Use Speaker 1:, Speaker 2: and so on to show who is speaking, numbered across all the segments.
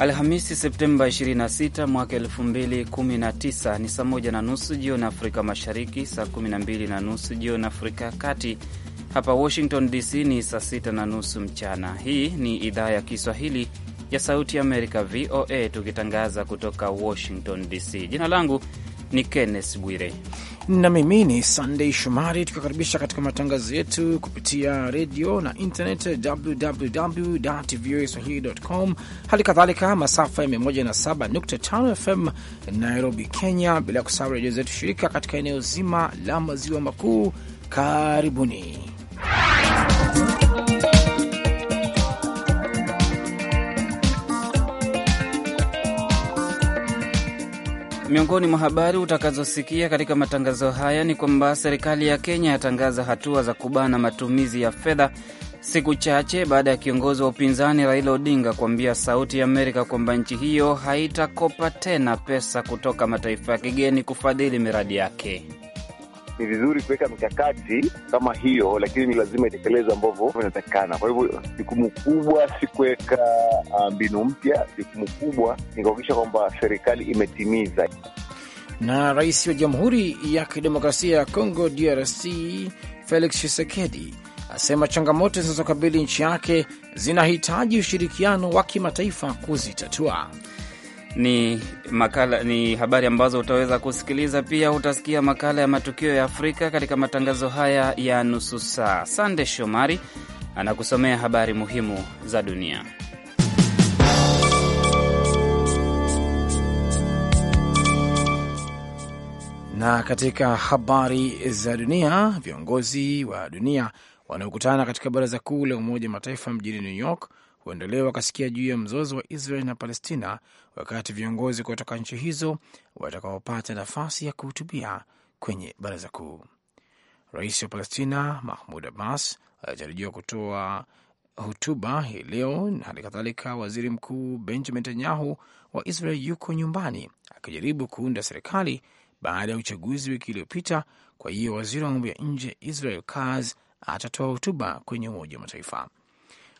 Speaker 1: Alhamisi Septemba 26 mwaka 2019 ni saa moja na nusu jioni Afrika Mashariki, saa 12 na nusu jioni Afrika ya Kati. Hapa Washington DC ni saa 6 na nusu mchana. Hii ni idhaa ya Kiswahili ya Sauti ya Amerika, VOA, tukitangaza kutoka Washington DC. Jina langu ni Kenneth Bwire
Speaker 2: na mimi ni Sandey Shomari, tukikaribisha katika matangazo yetu kupitia redio na internet www voa swahilicom, hali kadhalika masafa ya 107.5 FM Nairobi, Kenya, bila kusahau redio zetu shirika katika eneo zima la maziwa makuu. Karibuni.
Speaker 1: Miongoni mwa habari utakazosikia katika matangazo haya ni kwamba serikali ya Kenya yatangaza hatua za kubana matumizi ya fedha siku chache baada ya kiongozi wa upinzani Raila Odinga kuambia Sauti ya Amerika kwamba nchi hiyo haitakopa tena pesa kutoka mataifa ya kigeni kufadhili miradi yake
Speaker 3: ni vizuri kuweka mikakati kama hiyo, lakini ni lazima itekeleze ambavyo inatakikana. Kwa hivyo jukumu kubwa si kuweka ah, mbinu mpya, jukumu kubwa ni kuhakikisha kwamba serikali imetimiza.
Speaker 2: Na rais wa Jamhuri ya Kidemokrasia ya Kongo DRC Felix Tshisekedi asema changamoto zinazokabili nchi yake zinahitaji ushirikiano wa kimataifa kuzitatua
Speaker 1: ni makala ni habari ambazo utaweza kusikiliza. Pia utasikia makala ya matukio ya Afrika katika matangazo haya ya nusu saa. Sande Shomari anakusomea habari muhimu za dunia.
Speaker 2: Na katika habari za dunia, viongozi wa dunia wanaokutana katika baraza kuu la Umoja wa Mataifa mjini New York huendelea wakasikia juu ya mzozo wa Israel na Palestina wakati viongozi kutoka nchi hizo watakaopata nafasi ya kuhutubia kwenye baraza kuu. Rais wa Palestina Mahmud Abbas anatarajiwa kutoa hotuba hii leo na hali kadhalika waziri mkuu Benjamin Netanyahu wa Israel yuko nyumbani akijaribu kuunda serikali baada ya uchaguzi wiki iliyopita. Kwa hiyo waziri wa mambo ya nje Israel Katz atatoa hotuba kwenye Umoja wa Mataifa.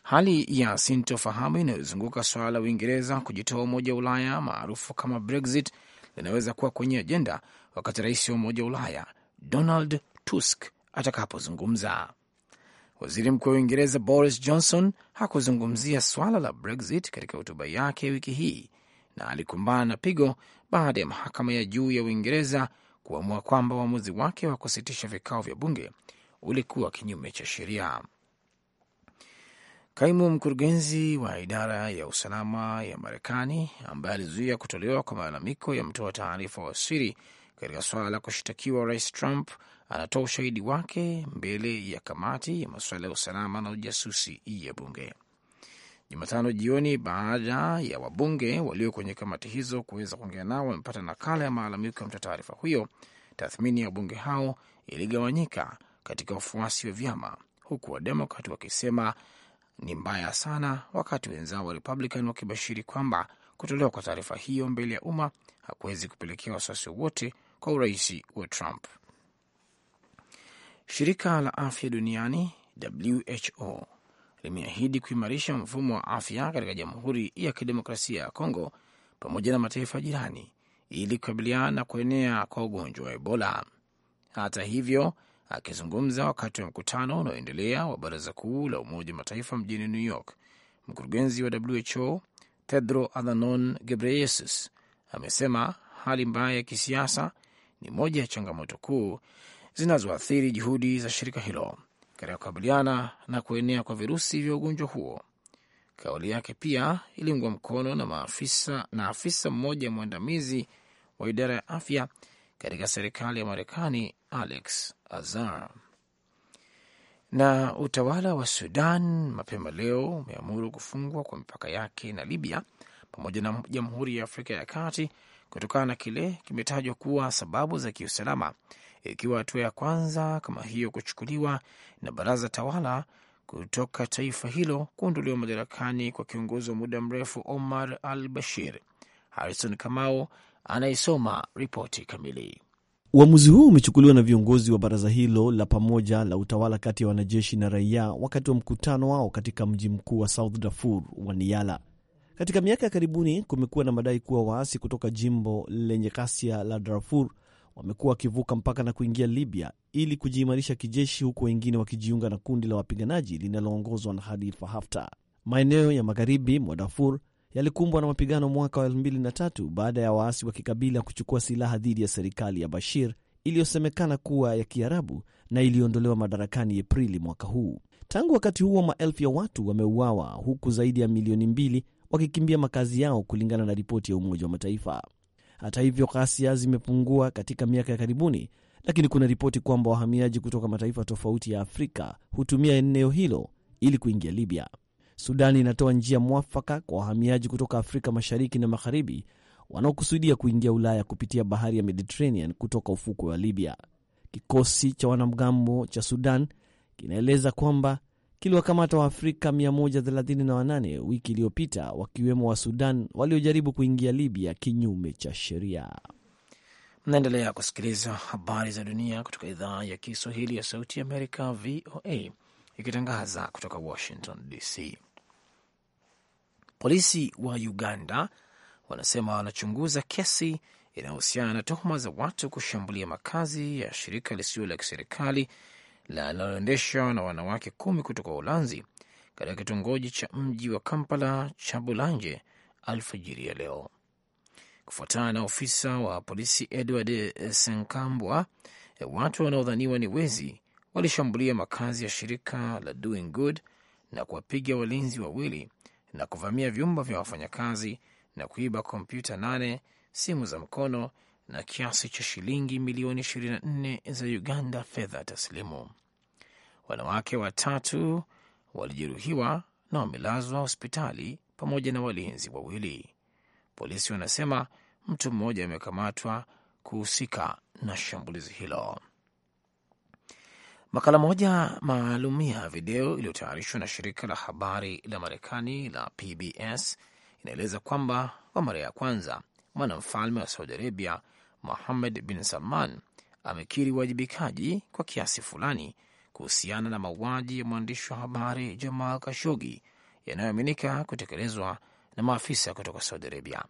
Speaker 2: Hali ya sintofahamu inayozunguka suala la Uingereza kujitoa Umoja wa Ulaya maarufu kama Brexit linaweza kuwa kwenye ajenda wakati rais wa Umoja wa Ulaya Donald Tusk atakapozungumza. Waziri Mkuu wa Uingereza Boris Johnson hakuzungumzia swala la Brexit katika hotuba yake wiki hii na alikumbana na pigo baada ya mahakama ya juu ya Uingereza kuamua kwamba uamuzi wake wa kusitisha vikao vya bunge ulikuwa kinyume cha sheria. Kaimu mkurugenzi wa idara ya usalama ya Marekani ambaye alizuia kutolewa kwa malalamiko ya mtoa taarifa wa siri katika suala la kushtakiwa Rais Trump anatoa ushahidi wake mbele ya kamati ya masuala ya usalama na ujasusi ya bunge Jumatano jioni, baada ya wabunge walio kwenye kamati hizo kuweza kuongea nao, wamepata nakala ya malalamiko ya mtoa taarifa huyo. Tathmini ya wabunge hao iligawanyika katika wafuasi wa vyama, huku Wademokrat wakisema ni mbaya sana, wakati wenzao wa Republican wakibashiri kwamba kutolewa kwa taarifa hiyo mbele ya umma hakuwezi kupelekea wasiwasi wowote kwa urais wa Trump. Shirika la afya duniani WHO limeahidi kuimarisha mfumo wa afya katika Jamhuri ya Kidemokrasia ya Kongo pamoja na mataifa jirani ili kukabiliana na kuenea kwa ugonjwa wa Ebola. Hata hivyo, Akizungumza wakati wa mkutano unaoendelea wa Baraza Kuu la Umoja wa Mataifa mjini New York, mkurugenzi wa WHO tedro Adhanom Ghebreyesus amesema hali mbaya ya kisiasa ni moja ya changamoto kuu zinazoathiri juhudi za shirika hilo katika kukabiliana na kuenea kwa virusi vya ugonjwa huo. Kauli yake pia iliungwa mkono na maafisa, na afisa mmoja mwandamizi wa idara ya afya katika serikali ya Marekani Alex Azar. Na utawala wa Sudan mapema leo umeamuru kufungwa kwa mipaka yake na Libya pamoja na Jamhuri ya Afrika ya Kati kutokana na kile kimetajwa kuwa sababu za kiusalama, ikiwa hatua ya kwanza kama hiyo kuchukuliwa na baraza tawala kutoka taifa hilo kuondolewa madarakani kwa kiongozi wa muda mrefu Omar al Bashir. Harrison Kamau anaisoma ripoti kamili.
Speaker 4: Uamuzi huu umechukuliwa na viongozi wa baraza hilo la pamoja la utawala kati ya wanajeshi na raia wakati wa mkutano wao katika mji mkuu wa South Darfur wa Niala. Katika miaka ya karibuni kumekuwa na madai kuwa waasi kutoka jimbo lenye ghasia la Darfur wamekuwa wakivuka mpaka na kuingia Libya ili kujiimarisha kijeshi, huku wengine wakijiunga na kundi la wapiganaji linaloongozwa na Khalifa Haftar. Maeneo ya magharibi mwa Darfur yalikumbwa na mapigano mwaka wa 2003 baada ya waasi wa kikabila kuchukua silaha dhidi ya serikali ya Bashir iliyosemekana kuwa ya Kiarabu na iliyoondolewa madarakani Aprili mwaka huu. Tangu wakati huo, maelfu ya watu wameuawa huku zaidi ya milioni mbili wakikimbia makazi yao, kulingana na ripoti ya Umoja wa Mataifa. Hata hivyo, ghasia zimepungua katika miaka ya karibuni, lakini kuna ripoti kwamba wahamiaji kutoka mataifa tofauti ya Afrika hutumia eneo hilo ili kuingia Libya. Sudan inatoa njia mwafaka kwa wahamiaji kutoka Afrika mashariki na magharibi wanaokusudia kuingia Ulaya kupitia bahari ya Mediterranean kutoka ufukwe wa Libya. Kikosi cha wanamgambo cha Sudan kinaeleza kwamba kiliwakamata Waafrika 138 wiki iliyopita wakiwemo wa Sudan waliojaribu kuingia Libya kinyume cha sheria.
Speaker 2: Mnaendelea kusikiliza habari za dunia kutoka idhaa ya Kiswahili ya Sauti ya Amerika, VOA, ikitangaza kutoka Washington DC. Polisi wa Uganda wanasema wanachunguza kesi inayohusiana na tuhuma za watu kushambulia makazi ya shirika lisilo la kiserikali linaloendeshwa na wanawake kumi kutoka Uholanzi katika kitongoji cha mji wa Kampala cha Bulanje alfajiri ya leo. Kufuatana na ofisa wa polisi Edward Senkambwa, watu wanaodhaniwa ni wezi walishambulia makazi ya shirika la Doing Good na kuwapiga walinzi wawili na kuvamia vyumba vya wafanyakazi na kuiba kompyuta nane, simu za mkono na kiasi cha shilingi milioni 24 za Uganda fedha taslimu. Wanawake watatu walijeruhiwa na wamelazwa hospitali pamoja na walinzi wawili. Polisi wanasema mtu mmoja amekamatwa kuhusika na shambulizi hilo. Makala moja maalum ya video iliyotayarishwa na shirika la habari la Marekani la PBS inaeleza kwamba kwa mara ya kwanza mwanamfalme wa Saudi Arabia muhammad bin Salman amekiri uwajibikaji kwa kiasi fulani kuhusiana na mauaji ya mwandishi wa habari Jamal Kashogi yanayoaminika kutekelezwa na maafisa kutoka Saudi Arabia.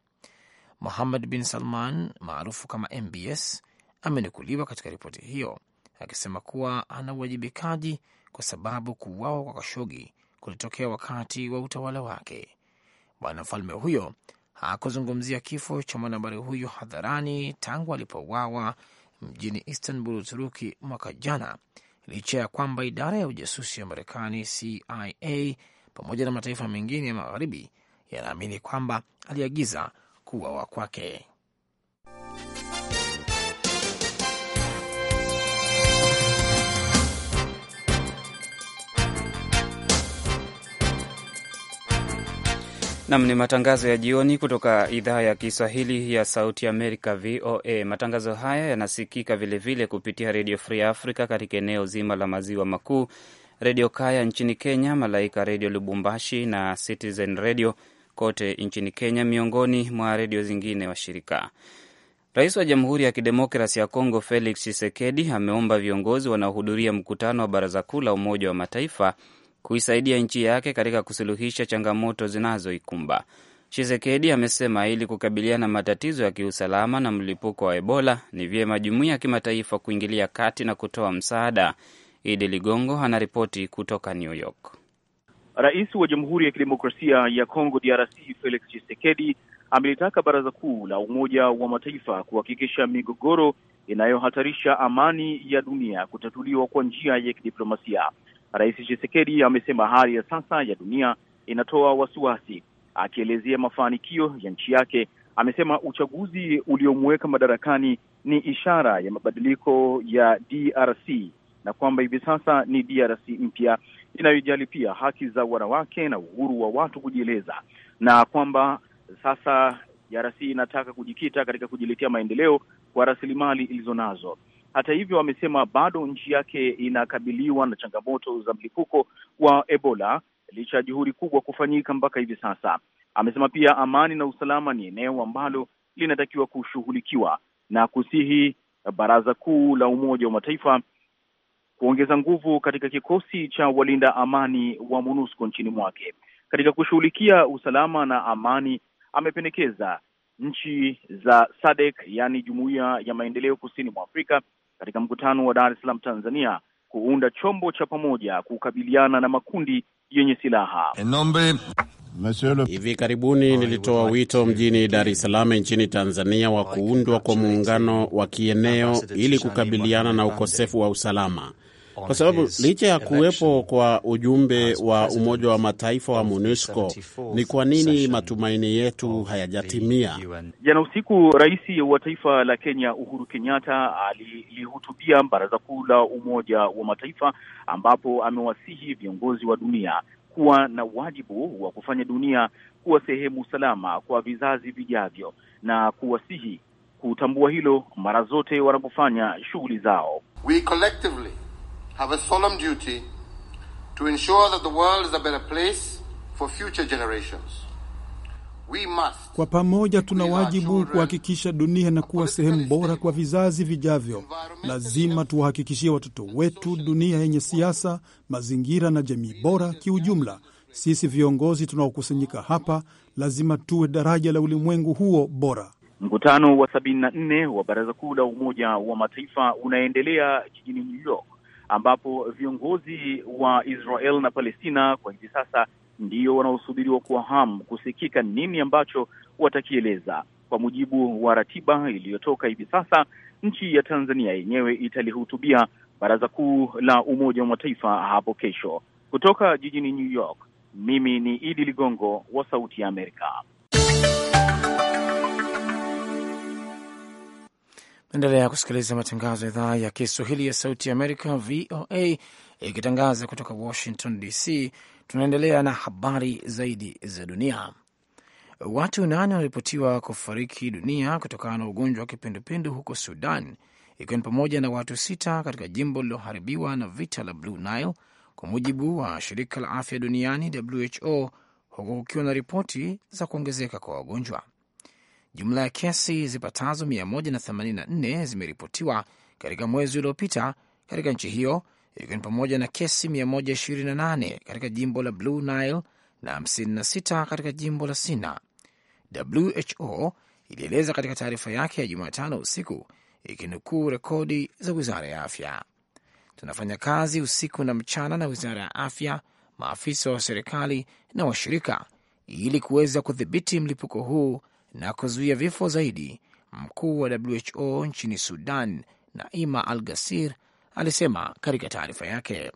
Speaker 2: Mohammed bin Salman maarufu kama MBS amenukuliwa katika ripoti hiyo akisema kuwa ana uwajibikaji kwa sababu kuuawa kwa Kashogi kulitokea wakati wa utawala wake. Bwana mfalme huyo hakuzungumzia kifo cha mwanahabari huyo hadharani tangu alipouawa mjini Istanbul, Uturuki mwaka jana, licha ya kwamba idara ya ujasusi ya Marekani CIA pamoja na mataifa mengine ya magharibi yanaamini kwamba aliagiza kuuawa kwake.
Speaker 1: Nam ni matangazo ya jioni kutoka idhaa ya Kiswahili ya Sauti Amerika, VOA. Matangazo haya yanasikika vilevile kupitia Redio Free Africa katika eneo zima la maziwa makuu, Redio Kaya nchini Kenya, Malaika Redio Lubumbashi na Citizen Redio kote nchini Kenya, miongoni mwa redio zingine washirika. Rais wa Jamhuri ya Kidemokrasi ya Kongo Felix chisekedi ameomba viongozi wanaohudhuria mkutano wa Baraza Kuu la Umoja wa Mataifa kuisaidia nchi yake katika kusuluhisha changamoto zinazoikumba. Tshisekedi amesema ili kukabiliana na matatizo ya kiusalama na mlipuko wa Ebola ni vyema jumuiya ya kimataifa kuingilia kati na kutoa msaada. Idi Ligongo anaripoti kutoka New York.
Speaker 3: Rais wa Jamhuri ya Kidemokrasia ya Kongo DRC Felix chisekedi amelitaka Baraza Kuu la Umoja wa Mataifa kuhakikisha migogoro inayohatarisha amani ya dunia kutatuliwa kwa njia ya kidiplomasia. Rais chisekedi amesema hali ya sasa ya dunia inatoa wasiwasi. Akielezea mafanikio ya nchi yake, amesema uchaguzi uliomuweka madarakani ni ishara ya mabadiliko ya DRC na kwamba hivi sasa ni DRC mpya inayojali pia haki za wanawake na uhuru wa watu kujieleza, na kwamba sasa DRC inataka kujikita katika kujiletea maendeleo kwa rasilimali ilizo nazo. Hata hivyo, amesema bado nchi yake inakabiliwa na changamoto za mlipuko wa Ebola licha ya juhudi kubwa kufanyika mpaka hivi sasa. Amesema pia amani na usalama ni eneo ambalo linatakiwa kushughulikiwa na kusihi Baraza Kuu la Umoja wa Mataifa kuongeza nguvu katika kikosi cha walinda amani wa MONUSCO nchini mwake katika kushughulikia usalama na amani. Amependekeza nchi za SADC, yaani Jumuiya ya Maendeleo Kusini mwa Afrika, katika mkutano wa Dar es Salaam, Tanzania, kuunda chombo cha pamoja kukabiliana na makundi yenye silaha. Enombe. Hivi karibuni nilitoa wito mjini Dar es Salaam nchini Tanzania wa kuundwa kwa muungano wa kieneo ili kukabiliana na ukosefu wa usalama kwa sababu licha ya kuwepo kwa ujumbe wa Umoja wa Mataifa wa MONUSCO, ni kwa nini matumaini yetu hayajatimia? Jana usiku rais wa taifa la Kenya Uhuru Kenyatta alilihutubia Baraza Kuu la Umoja wa Mataifa, ambapo amewasihi viongozi wa dunia kuwa na wajibu wa kufanya dunia kuwa sehemu salama kwa vizazi vijavyo na kuwasihi kutambua hilo mara zote wanapofanya shughuli zao. We collectively have a solemn duty
Speaker 2: to ensure that the world is a better place for future generations. We must.
Speaker 5: Kwa pamoja tuna wajibu kuhakikisha dunia inakuwa sehemu bora kwa vizazi vijavyo. Lazima tuwahakikishie watoto wetu dunia yenye siasa, mazingira na jamii bora kiujumla. Sisi viongozi tunaokusanyika hapa lazima tuwe daraja la ulimwengu huo bora.
Speaker 3: Mkutano wa 74 wa Baraza Kuu la Umoja wa Mataifa unaendelea jijini New York ambapo viongozi wa Israel na Palestina kwa hivi sasa ndio wanaosubiriwa kwa hamu kusikika nini ambacho watakieleza. Kwa mujibu wa ratiba iliyotoka hivi sasa, nchi ya Tanzania yenyewe italihutubia Baraza Kuu la Umoja wa Mataifa hapo kesho. Kutoka jijini New York, mimi ni Idi Ligongo wa Sauti ya Amerika.
Speaker 2: Endelea kusikiliza matangazo ya idhaa ya Kiswahili ya Sauti ya Amerika, VOA, ikitangaza kutoka Washington DC. Tunaendelea na habari zaidi za dunia. Watu nane wanaripotiwa kufariki dunia kutokana na ugonjwa wa kipindupindu huko Sudan, ikiwa ni pamoja na watu sita katika jimbo lililoharibiwa na vita la Blue Nile, kwa mujibu wa shirika la afya duniani WHO, huku kukiwa na ripoti za kuongezeka kwa wagonjwa. Jumla ya kesi zipatazo 184 zimeripotiwa katika mwezi uliopita katika nchi hiyo, ikiwa ni pamoja na kesi 128 katika jimbo la Blue Nile na 56 katika jimbo la Sina. WHO ilieleza katika taarifa yake ya Jumatano usiku ikinukuu rekodi za wizara ya afya. Tunafanya kazi usiku na mchana na wizara ya afya, maafisa wa serikali na washirika, ili kuweza kudhibiti mlipuko huu na kuzuia vifo zaidi, mkuu wa WHO nchini Sudan Naima Al Gasir alisema katika taarifa yake.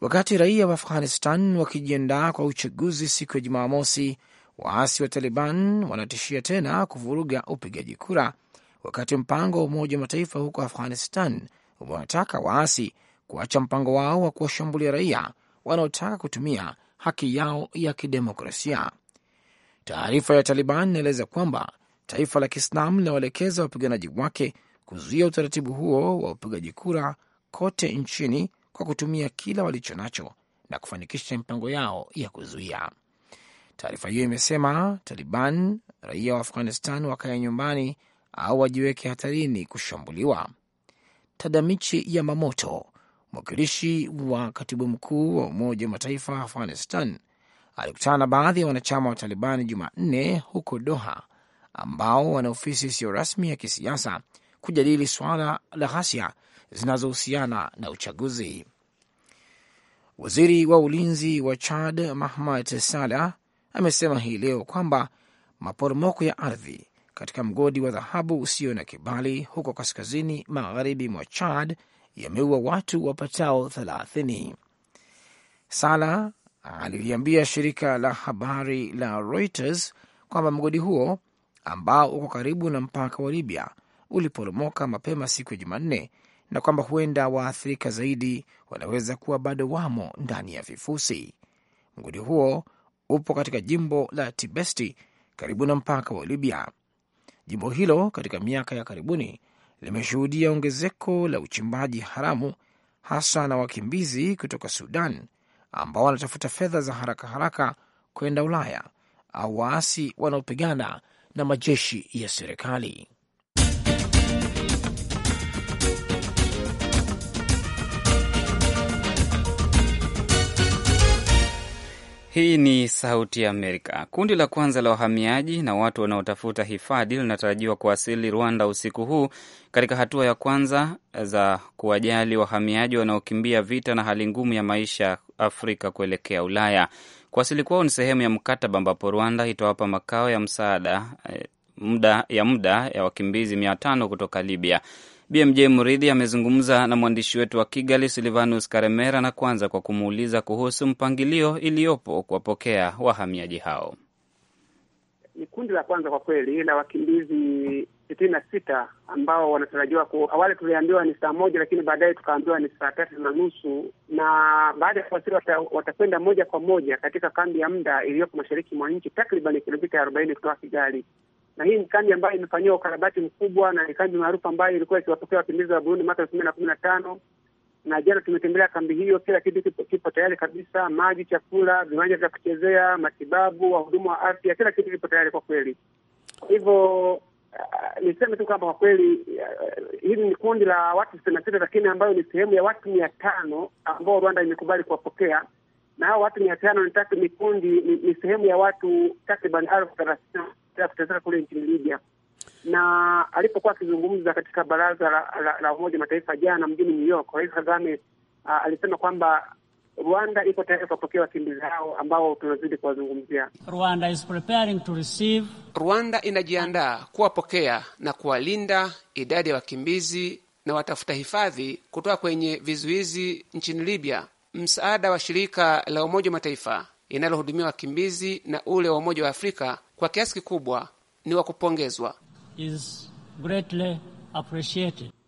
Speaker 2: Wakati raia wa Afghanistan wakijiandaa kwa uchaguzi siku ya Jumamosi, waasi wa Taliban wanatishia tena kuvuruga upigaji kura, wakati mpango wa Umoja wa Mataifa huko Afghanistan umewataka waasi kuacha mpango wao wa kuwashambulia raia wanaotaka kutumia haki yao ya kidemokrasia. Taarifa ya Taliban inaeleza kwamba taifa la Kiislam linawaelekeza wapiganaji wake kuzuia utaratibu huo wa upigaji kura kote nchini kwa kutumia kila walicho nacho na kufanikisha mipango yao ya kuzuia. Taarifa hiyo imesema Taliban raia wa Afghanistan wakaya nyumbani au wajiweke hatarini kushambuliwa. Tadamichi Yamamoto, mwakilishi wa katibu mkuu wa Umoja wa Mataifa Afghanistan, alikutana na baadhi ya wanachama wa Talibani Jumanne huko Doha, ambao wana ofisi isiyo rasmi ya kisiasa kujadili suala la ghasia zinazohusiana na uchaguzi. Waziri wa ulinzi wa Chad Mahmad Sala amesema hii leo kwamba maporomoko ya ardhi katika mgodi wa dhahabu usio na kibali huko kaskazini magharibi mwa Chad yameua watu wapatao 30. Sala aliliambia shirika la habari la Reuters kwamba mgodi huo ambao uko karibu na mpaka wa Libya uliporomoka mapema siku ya Jumanne na kwamba huenda waathirika zaidi wanaweza kuwa bado wamo ndani ya vifusi. Mgodi huo upo katika jimbo la Tibesti karibu na mpaka wa Libya. Jimbo hilo katika miaka ya karibuni limeshuhudia ongezeko la uchimbaji haramu hasa na wakimbizi kutoka Sudan ambao wanatafuta fedha za haraka haraka kwenda Ulaya au waasi wanaopigana na majeshi ya serikali.
Speaker 1: Hii ni Sauti ya Amerika. Kundi la kwanza la wahamiaji na watu wanaotafuta hifadhi linatarajiwa kuwasili Rwanda usiku huu katika hatua ya kwanza za kuwajali wahamiaji wanaokimbia vita na hali ngumu ya maisha Afrika kuelekea Ulaya. Kuwasili kwao ni sehemu ya mkataba ambapo Rwanda itawapa makao ya msaada eh, muda ya muda ya wakimbizi mia tano kutoka Libya. BMJ Muridhi amezungumza na mwandishi wetu wa Kigali, Silvanus Karemera, na kwanza kwa kumuuliza kuhusu mpangilio iliyopo kuwapokea wahamiaji hao.
Speaker 6: Ni kundi la kwanza kwa kweli la wakimbizi sitini na sita ambao wanatarajiwa ku... awali tuliambiwa ni saa moja, lakini baadaye tukaambiwa ni saa tatu na nusu, na baada ya kuwasili watakwenda moja kwa moja katika kambi ya muda iliyoko mashariki mwa nchi, takriban kilomita arobaini kutoka Kigali na hii ni kambi ambayo imefanyiwa ukarabati mkubwa na ni kambi maarufu ambayo ilikuwa ikiwapokea wakimbizi wa Burundi mwaka elfu mbili na kumi na tano na jana tumetembelea kambi hiyo. Kila kitu kipo, kipo tayari kabisa: maji, chakula, viwanja vya kuchezea, matibabu, wahudumu wa afya, kila kitu kipo tayari kwa kweli. Kwa hivyo uh, niseme tu kwamba kwa kweli uh, hili ni kundi la watu sitini na sita lakini ambayo ni sehemu ya watu mia tano ambao Rwanda imekubali kuwapokea na hao watu mia tano ni kundi ni, ni sehemu ya watu takriban elfu thelathini kutetea kule nchini Libya, na alipokuwa akizungumza katika baraza la, la, la Umoja Mataifa jana mjini New York, Rais Kagame uh, alisema kwamba Rwanda iko tayari kuwapokea wakimbizi hao ambao tunazidi kuwazungumzia. Rwanda is preparing to receive... Rwanda inajiandaa kuwapokea na kuwalinda idadi ya wakimbizi na watafuta hifadhi kutoka kwenye vizuizi nchini Libya. Msaada wa shirika la Umoja wa Mataifa inalohudumia wakimbizi na ule wa Umoja wa Afrika kwa kiasi kikubwa ni wa kupongezwa.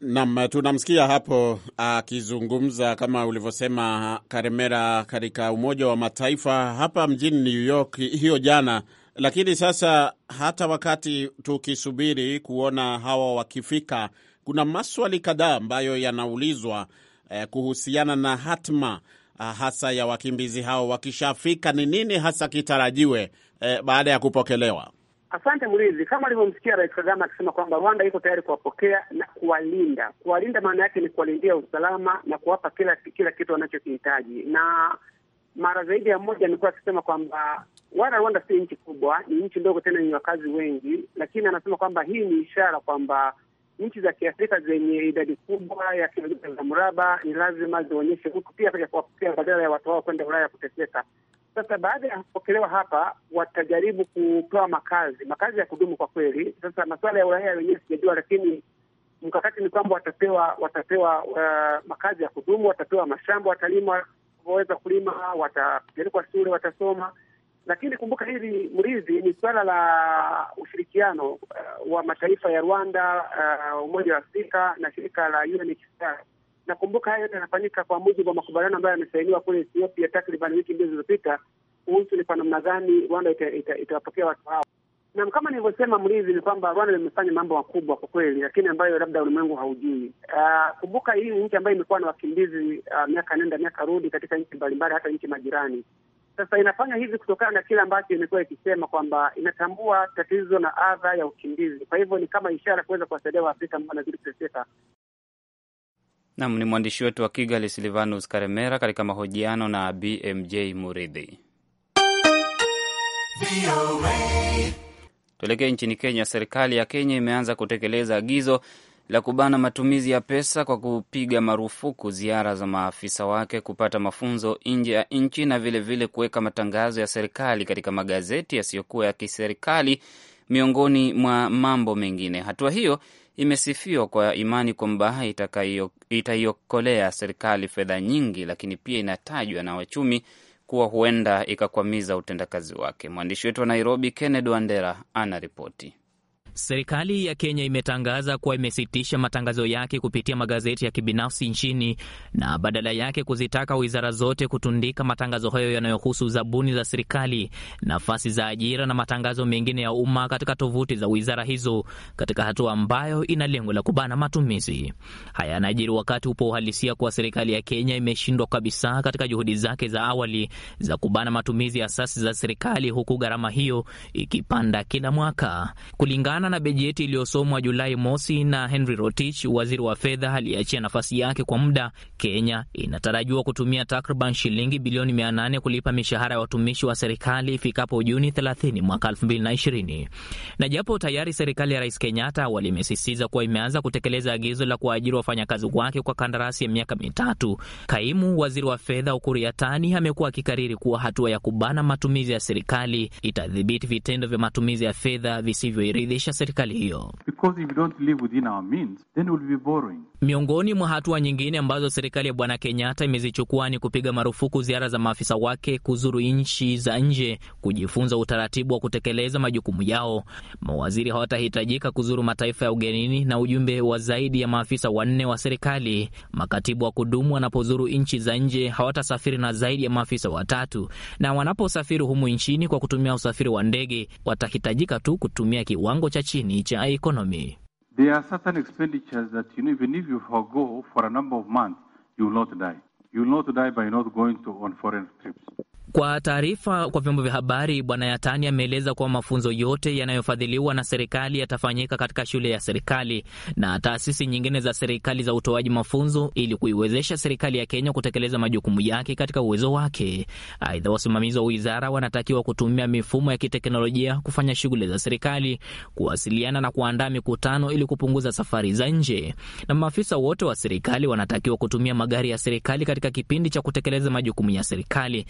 Speaker 3: Nam, tunamsikia hapo akizungumza kama ulivyosema, Karemera, katika Umoja wa Mataifa hapa mjini New York hiyo jana. Lakini sasa hata wakati tukisubiri kuona hawa wakifika, kuna maswali kadhaa ambayo yanaulizwa eh, kuhusiana na hatma Ah, hasa ya wakimbizi hao wakishafika, ni nini hasa kitarajiwe eh, baada ya kupokelewa?
Speaker 6: Asante mlizi Kama alivyomsikia Rais Kagame akisema kwamba Rwanda iko tayari kuwapokea na kuwalinda. Kuwalinda maana yake ni kuwalindia usalama na kuwapa kila kila kitu wanachokihitaji, na mara zaidi ya moja amekuwa akisema kwamba wala Rwanda si nchi kubwa, ni nchi ndogo, tena yenye wakazi wengi, lakini anasema kwamba hii ni ishara kwamba nchi za Kiafrika zenye idadi kubwa ya kilomita za mraba ni lazima zionyeshe utu pia katika kuwapokea badala ya watu wao kwenda Ulaya kuteseka. Sasa baada ya kupokelewa hapa, watajaribu kupewa makazi, makazi ya kudumu kwa kweli. Sasa masuala ya Ulaya wenyewe sijajua, lakini mkakati ni kwamba watapewa watapewa uh, makazi ya kudumu, watapewa mashamba, watalima waweza kulima, watapelekwa shule, watasoma lakini kumbuka hili mrizi ni suala la ushirikiano uh, wa mataifa ya Rwanda, uh, Umoja wa Afrika na shirika la UNHCR. Nakumbuka haya yote yanafanyika kwa mujibu wa makubaliano ambayo yamesainiwa kule Ethiopia takriban wiki mbili zilizopita kuhusu ni kwa namna gani Rwanda itawapokea ita, ita watu hao. Na kama nilivyosema mlizi ni kwamba Rwanda imefanya mambo makubwa kwa kweli, lakini ambayo labda ulimwengu haujui. Uh, kumbuka hii nchi ambayo imekuwa na wakimbizi uh, miaka nenda miaka rudi katika nchi mbalimbali, hata nchi majirani. Sasa inafanya hivi kutokana na kile ambacho imekuwa ikisema kwamba inatambua tatizo na adha ya ukimbizi. Kwa hivyo ni kama ishara kuweza kuwasaidia Waafrika ambao wanazidi kuteseka.
Speaker 1: Nam ni mwandishi wetu wa Kigali, Silvanus Karemera, katika mahojiano na BMJ Muridhi. Tuelekee nchini Kenya. Serikali ya Kenya imeanza kutekeleza agizo la kubana matumizi ya pesa kwa kupiga marufuku ziara za maafisa wake kupata mafunzo nje ya nchi na vilevile kuweka matangazo ya serikali katika magazeti yasiyokuwa ya kiserikali miongoni mwa mambo mengine. Hatua hiyo imesifiwa kwa imani kwamba itaiokolea serikali fedha nyingi, lakini pia inatajwa na wachumi kuwa huenda ikakwamiza utendakazi wake. Mwandishi wetu wa Nairobi, Kennedy Wandera, anaripoti.
Speaker 7: Serikali ya Kenya imetangaza kuwa imesitisha matangazo yake kupitia magazeti ya kibinafsi nchini na badala yake kuzitaka wizara zote kutundika matangazo hayo yanayohusu zabuni za serikali, nafasi za ajira na matangazo mengine ya umma katika tovuti za wizara hizo, katika hatua ambayo ina lengo la kubana matumizi haya. Yanajiri wakati upo uhalisia kuwa serikali ya Kenya imeshindwa kabisa katika juhudi zake za awali za kubana matumizi ya asasi za serikali, huku gharama hiyo ikipanda kila mwaka kulingana Kulingana na bajeti iliyosomwa Julai mosi na Henry Rotich, waziri wa fedha aliyeachia nafasi yake kwa muda, Kenya inatarajiwa kutumia takriban shilingi bilioni 800 kulipa mishahara ya watumishi wa serikali ifikapo Juni 30 mwaka 2020. Na japo tayari serikali ya Rais Kenyatta awali imesisitiza kuwa imeanza kutekeleza agizo la kuajiri wafanyakazi wake kwa kandarasi ya miaka mitatu, kaimu waziri wa fedha Ukur Yatani amekuwa akikariri kuwa hatua ya kubana matumizi ya serikali itadhibiti vitendo vya matumizi ya fedha visivyoiridhisha cha serikali hiyo. Miongoni mwa hatua nyingine ambazo serikali ya Bwana Kenyatta imezichukua ni kupiga marufuku ziara za maafisa wake kuzuru nchi za nje kujifunza utaratibu wa kutekeleza majukumu yao. Mawaziri hawatahitajika kuzuru mataifa ya ugenini na ujumbe wa zaidi ya maafisa wanne wa serikali. Makatibu wa kudumu wanapozuru nchi za nje hawatasafiri na zaidi ya maafisa watatu, na wanaposafiri humu nchini kwa kutumia usafiri wa ndege watahitajika tu kutumia kiwango cha chini cha ekonomi.
Speaker 5: There are certain expenditures that you know, even if you forego for a number of months, you will not die. You will not die by not going to on foreign trips.
Speaker 7: Kwa taarifa kwa vyombo vya habari, Bwana Yatani ameeleza kuwa mafunzo yote yanayofadhiliwa na serikali yatafanyika katika shule ya serikali na taasisi nyingine za serikali za utoaji mafunzo ili kuiwezesha serikali ya Kenya kutekeleza majukumu yake katika uwezo wake. Aidha, wasimamizi wa wizara wanatakiwa kutumia mifumo ya kiteknolojia kufanya shughuli za serikali, kuwasiliana na kuandaa mikutano ili kupunguza safari za nje, na maafisa wote wa serikali wanatakiwa kutumia magari ya serikali katika kipindi cha kutekeleza majukumu ya serikali.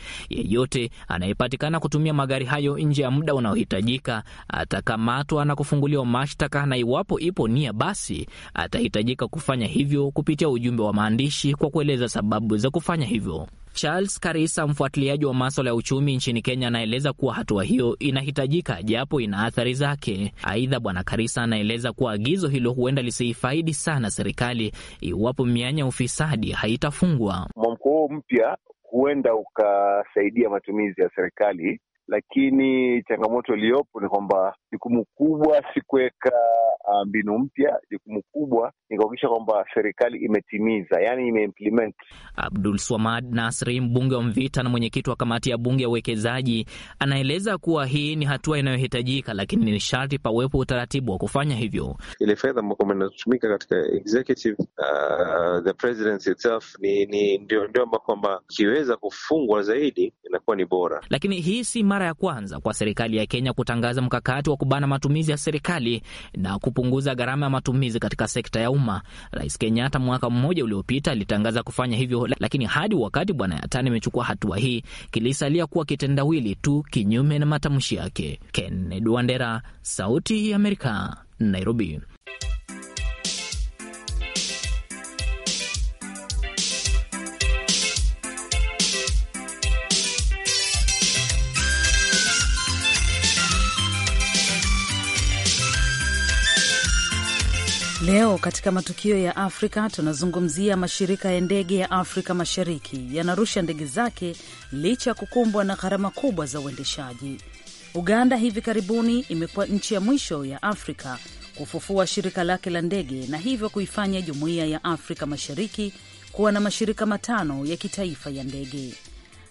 Speaker 7: Yeyote anayepatikana kutumia magari hayo nje ya muda unaohitajika atakamatwa na kufunguliwa mashtaka, na iwapo ipo nia, basi atahitajika kufanya hivyo kupitia ujumbe wa maandishi kwa kueleza sababu za kufanya hivyo. Charles Karisa, mfuatiliaji wa maswala ya uchumi nchini Kenya, anaeleza kuwa hatua hiyo inahitajika japo ina athari zake. Aidha, Bwana Karisa anaeleza kuwa agizo hilo huenda lisiifaidi sana serikali iwapo mianya ya ufisadi haitafungwa.
Speaker 3: Mwamko huo mpya huenda ukasaidia matumizi ya serikali lakini changamoto iliyopo ni kwamba jukumu kubwa si kuweka ah, mbinu mpya. Jukumu kubwa ni kuhakikisha kwamba serikali imetimiza, yaani imeimplement. Abdul Swamad
Speaker 7: Nasri, mbunge wa Mvita na mwenyekiti wa kamati ya bunge ya uwekezaji, anaeleza kuwa hii ni hatua inayohitajika, lakini ni sharti pawepo utaratibu wa kufanya hivyo.
Speaker 3: Ile fedha ambayo inatumika katika executive uh, the itself ni, ni ndio, ndio ambao kwamba ikiweza kufungwa zaidi inakuwa ni bora.
Speaker 7: Lakini hii si mara ya kwanza kwa serikali ya Kenya kutangaza mkakati wa kubana matumizi ya serikali na kupunguza gharama ya matumizi katika sekta ya umma. Rais Kenyatta mwaka mmoja uliopita alitangaza kufanya hivyo, lakini hadi wakati Bwana Yatani amechukua hatua hii, kilisalia kuwa kitendawili tu, kinyume na matamshi yake. Kennedy Wandera, Sauti ya Amerika, Nairobi.
Speaker 8: Leo katika matukio ya Afrika tunazungumzia mashirika ya ndege ya Afrika Mashariki yanarusha ndege zake licha ya kukumbwa na gharama kubwa za uendeshaji. Uganda hivi karibuni imekuwa nchi ya mwisho ya Afrika kufufua shirika lake la ndege na hivyo kuifanya Jumuiya ya Afrika Mashariki kuwa na mashirika matano ya kitaifa ya ndege.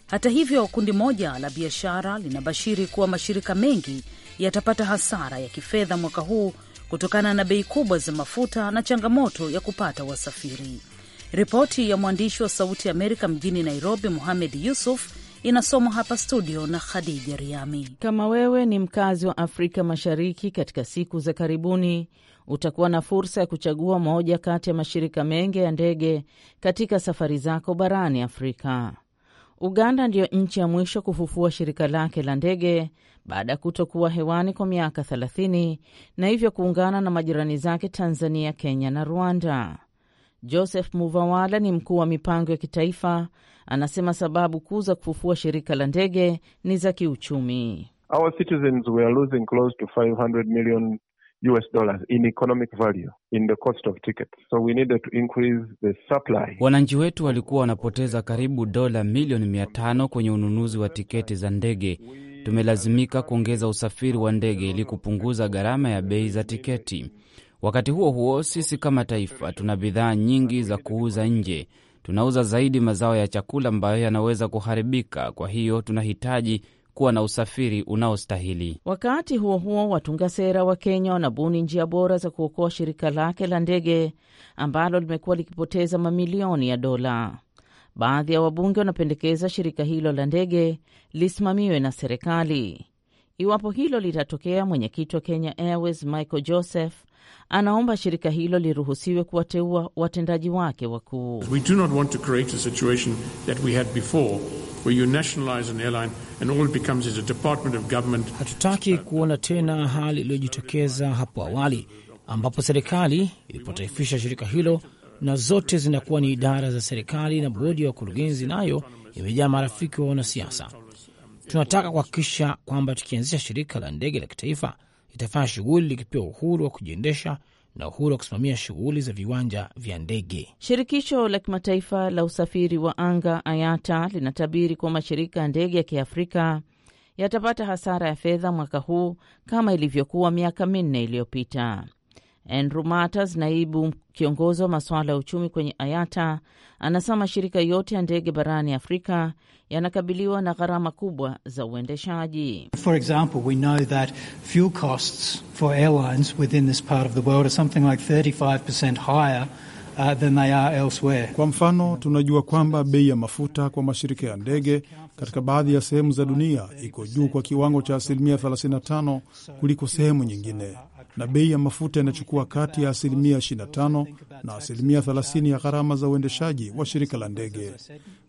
Speaker 8: Hata hivyo, kundi moja la biashara linabashiri kuwa mashirika mengi yatapata hasara ya kifedha mwaka huu kutokana na bei kubwa za mafuta na changamoto ya kupata wasafiri. Ripoti ya mwandishi wa Sauti ya Amerika mjini Nairobi, muhamed Yusuf, inasomwa hapa studio na Khadija Riami. Kama wewe ni mkazi wa Afrika Mashariki, katika siku za karibuni utakuwa na fursa ya kuchagua moja kati ya mashirika mengi ya ndege katika safari zako barani Afrika. Uganda ndiyo nchi ya mwisho kufufua shirika lake la ndege baada ya kutokuwa hewani kwa miaka 30 na hivyo kuungana na majirani zake Tanzania, Kenya na Rwanda. Joseph Muvawala ni mkuu wa mipango ya kitaifa, anasema sababu kuu za kufufua shirika la ndege ni za kiuchumi. Our citizens were losing
Speaker 5: close to 500 million US dollars in economic value in the cost of tickets. So we needed to increase the supply.
Speaker 1: Wananchi wetu walikuwa wanapoteza karibu dola milioni mia tano kwenye ununuzi wa tiketi za ndege. Tumelazimika kuongeza usafiri wa ndege ili kupunguza gharama ya bei za tiketi. Wakati huo huo, sisi kama taifa tuna bidhaa nyingi za kuuza nje. Tunauza zaidi mazao ya chakula ambayo yanaweza kuharibika, kwa hiyo tunahitaji kuwa na usafiri unaostahili.
Speaker 8: Wakati huo huo, watunga sera wa Kenya wanabuni njia bora za kuokoa shirika lake la ndege ambalo limekuwa likipoteza mamilioni ya dola. Baadhi ya wabunge wanapendekeza shirika hilo la ndege lisimamiwe na serikali. Iwapo hilo litatokea, mwenyekiti wa Kenya Airways Michael Joseph anaomba shirika hilo liruhusiwe kuwateua watendaji wake wakuu.
Speaker 5: We do not want to create a situation that we had before where you nationalize an airline and all it becomes is a department of government.
Speaker 8: Hatutaki uh, kuona
Speaker 2: tena hali iliyojitokeza hapo awali ambapo serikali ilipotaifisha shirika hilo na zote zinakuwa ni idara za serikali na bodi ya wakurugenzi nayo imejaa marafiki wa wanasiasa. Tunataka kuhakikisha kwamba tukianzisha shirika la ndege la kitaifa litafanya shughuli likipewa uhuru wa kujiendesha na uhuru wa kusimamia shughuli za viwanja vya ndege.
Speaker 8: Shirikisho la kimataifa la usafiri wa anga Ayata linatabiri kuwa mashirika ya ndege ya kiafrika yatapata hasara ya fedha mwaka huu kama ilivyokuwa miaka minne iliyopita. Andrew Matas, naibu kiongozi wa masuala ya uchumi kwenye Ayata, anasema mashirika yote ya ndege barani Afrika yanakabiliwa na gharama kubwa za uendeshaji.
Speaker 5: Kwa mfano, tunajua kwamba bei ya mafuta kwa mashirika ya ndege katika baadhi ya sehemu za dunia iko juu kwa kiwango cha asilimia 35 kuliko sehemu nyingine na bei ya mafuta inachukua kati ya asilimia 25 na asilimia 30 ya gharama za uendeshaji wa shirika la ndege.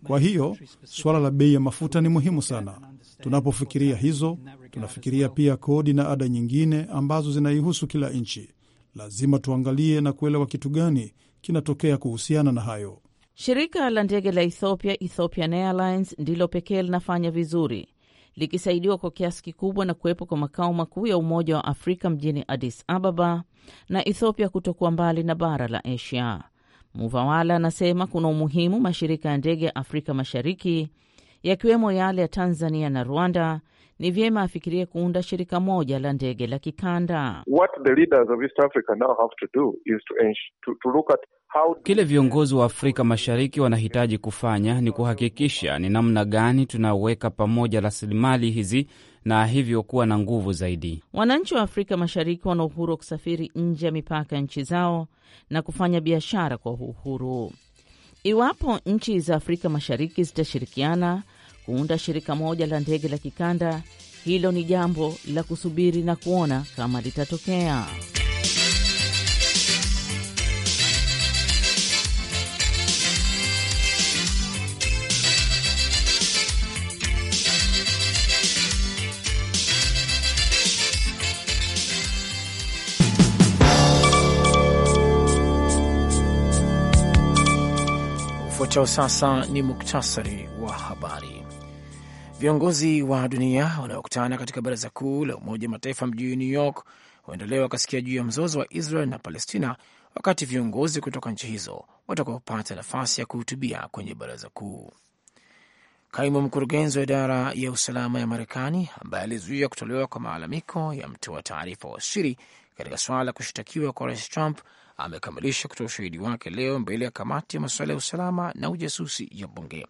Speaker 5: Kwa hiyo suala la bei ya mafuta ni muhimu sana. Tunapofikiria hizo, tunafikiria pia kodi na ada nyingine ambazo zinaihusu kila nchi. Lazima tuangalie na kuelewa kitu gani kinatokea kuhusiana na hayo.
Speaker 8: Shirika la ndege la Ethiopia, Ethiopian Airlines, ndilo pekee linafanya vizuri likisaidiwa kwa kiasi kikubwa na kuwepo kwa makao makuu ya Umoja wa Afrika mjini Addis Ababa na Ethiopia kutokuwa mbali na bara la Asia. Muvawala anasema kuna umuhimu mashirika ya ndege ya Afrika Mashariki yakiwemo yale ya Tanzania na Rwanda ni vyema afikirie kuunda shirika moja la ndege la kikanda.
Speaker 1: Kile viongozi wa Afrika Mashariki wanahitaji kufanya ni kuhakikisha ni namna gani tunaweka pamoja rasilimali hizi na hivyo kuwa na nguvu zaidi.
Speaker 8: Wananchi wa Afrika Mashariki wana uhuru wa kusafiri nje ya mipaka ya nchi zao na kufanya biashara kwa uhuru. Iwapo nchi za Afrika Mashariki zitashirikiana kuunda shirika moja la ndege la kikanda. Hilo ni jambo la kusubiri na kuona kama litatokea.
Speaker 2: Ufuatao sasa ni muktasari wa habari. Viongozi wa dunia wanaokutana katika baraza kuu la Umoja Mataifa mjini New York waendelea wakasikia juu ya mzozo wa Israel na Palestina, wakati viongozi kutoka nchi hizo watakaopata nafasi ya kuhutubia kwenye baraza kuu. Kaimu mkurugenzi wa idara ya usalama ya Marekani ambaye alizuia kutolewa kwa maalamiko ya mtoa taarifa wa siri katika suala la kushtakiwa kwa rais Trump amekamilisha kutoa ushahidi wake leo mbele ya kamati ya masuala ya usalama na ujasusi ya bunge.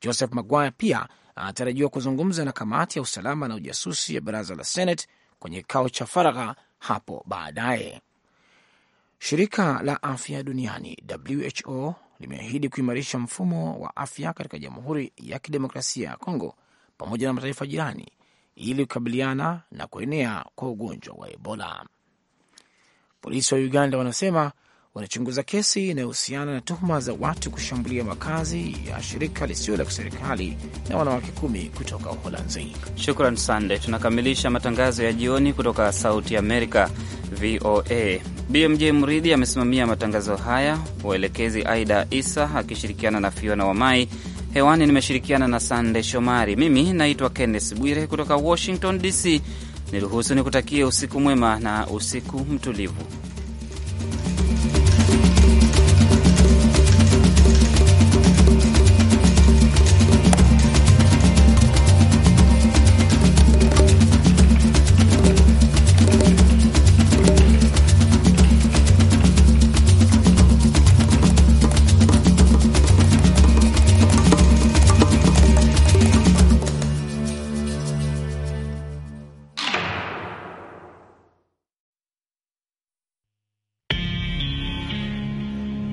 Speaker 2: Joseph Maguire pia anatarajiwa kuzungumza na kamati ya usalama na ujasusi ya baraza la Senate kwenye kikao cha faragha hapo baadaye. Shirika la afya duniani WHO limeahidi kuimarisha mfumo wa afya katika Jamhuri ya Kidemokrasia ya Kongo pamoja na mataifa jirani ili kukabiliana na kuenea kwa ugonjwa wa Ebola. Polisi wa Uganda wanasema wanachunguza kesi inayohusiana na tuhuma za watu kushambulia makazi ya shirika lisio la kiserikali na wanawake kumi kutoka Uholanzi.
Speaker 1: Shukran Sande. Tunakamilisha matangazo ya jioni kutoka Sauti Amerika, VOA. BMJ Mridhi amesimamia matangazo haya, waelekezi Aida Isa akishirikiana na Fiona Wamai. Hewani nimeshirikiana na Sande Shomari. Mimi naitwa Kenneth Bwire kutoka Washington DC. Niruhusu nikutakie usiku mwema na usiku mtulivu.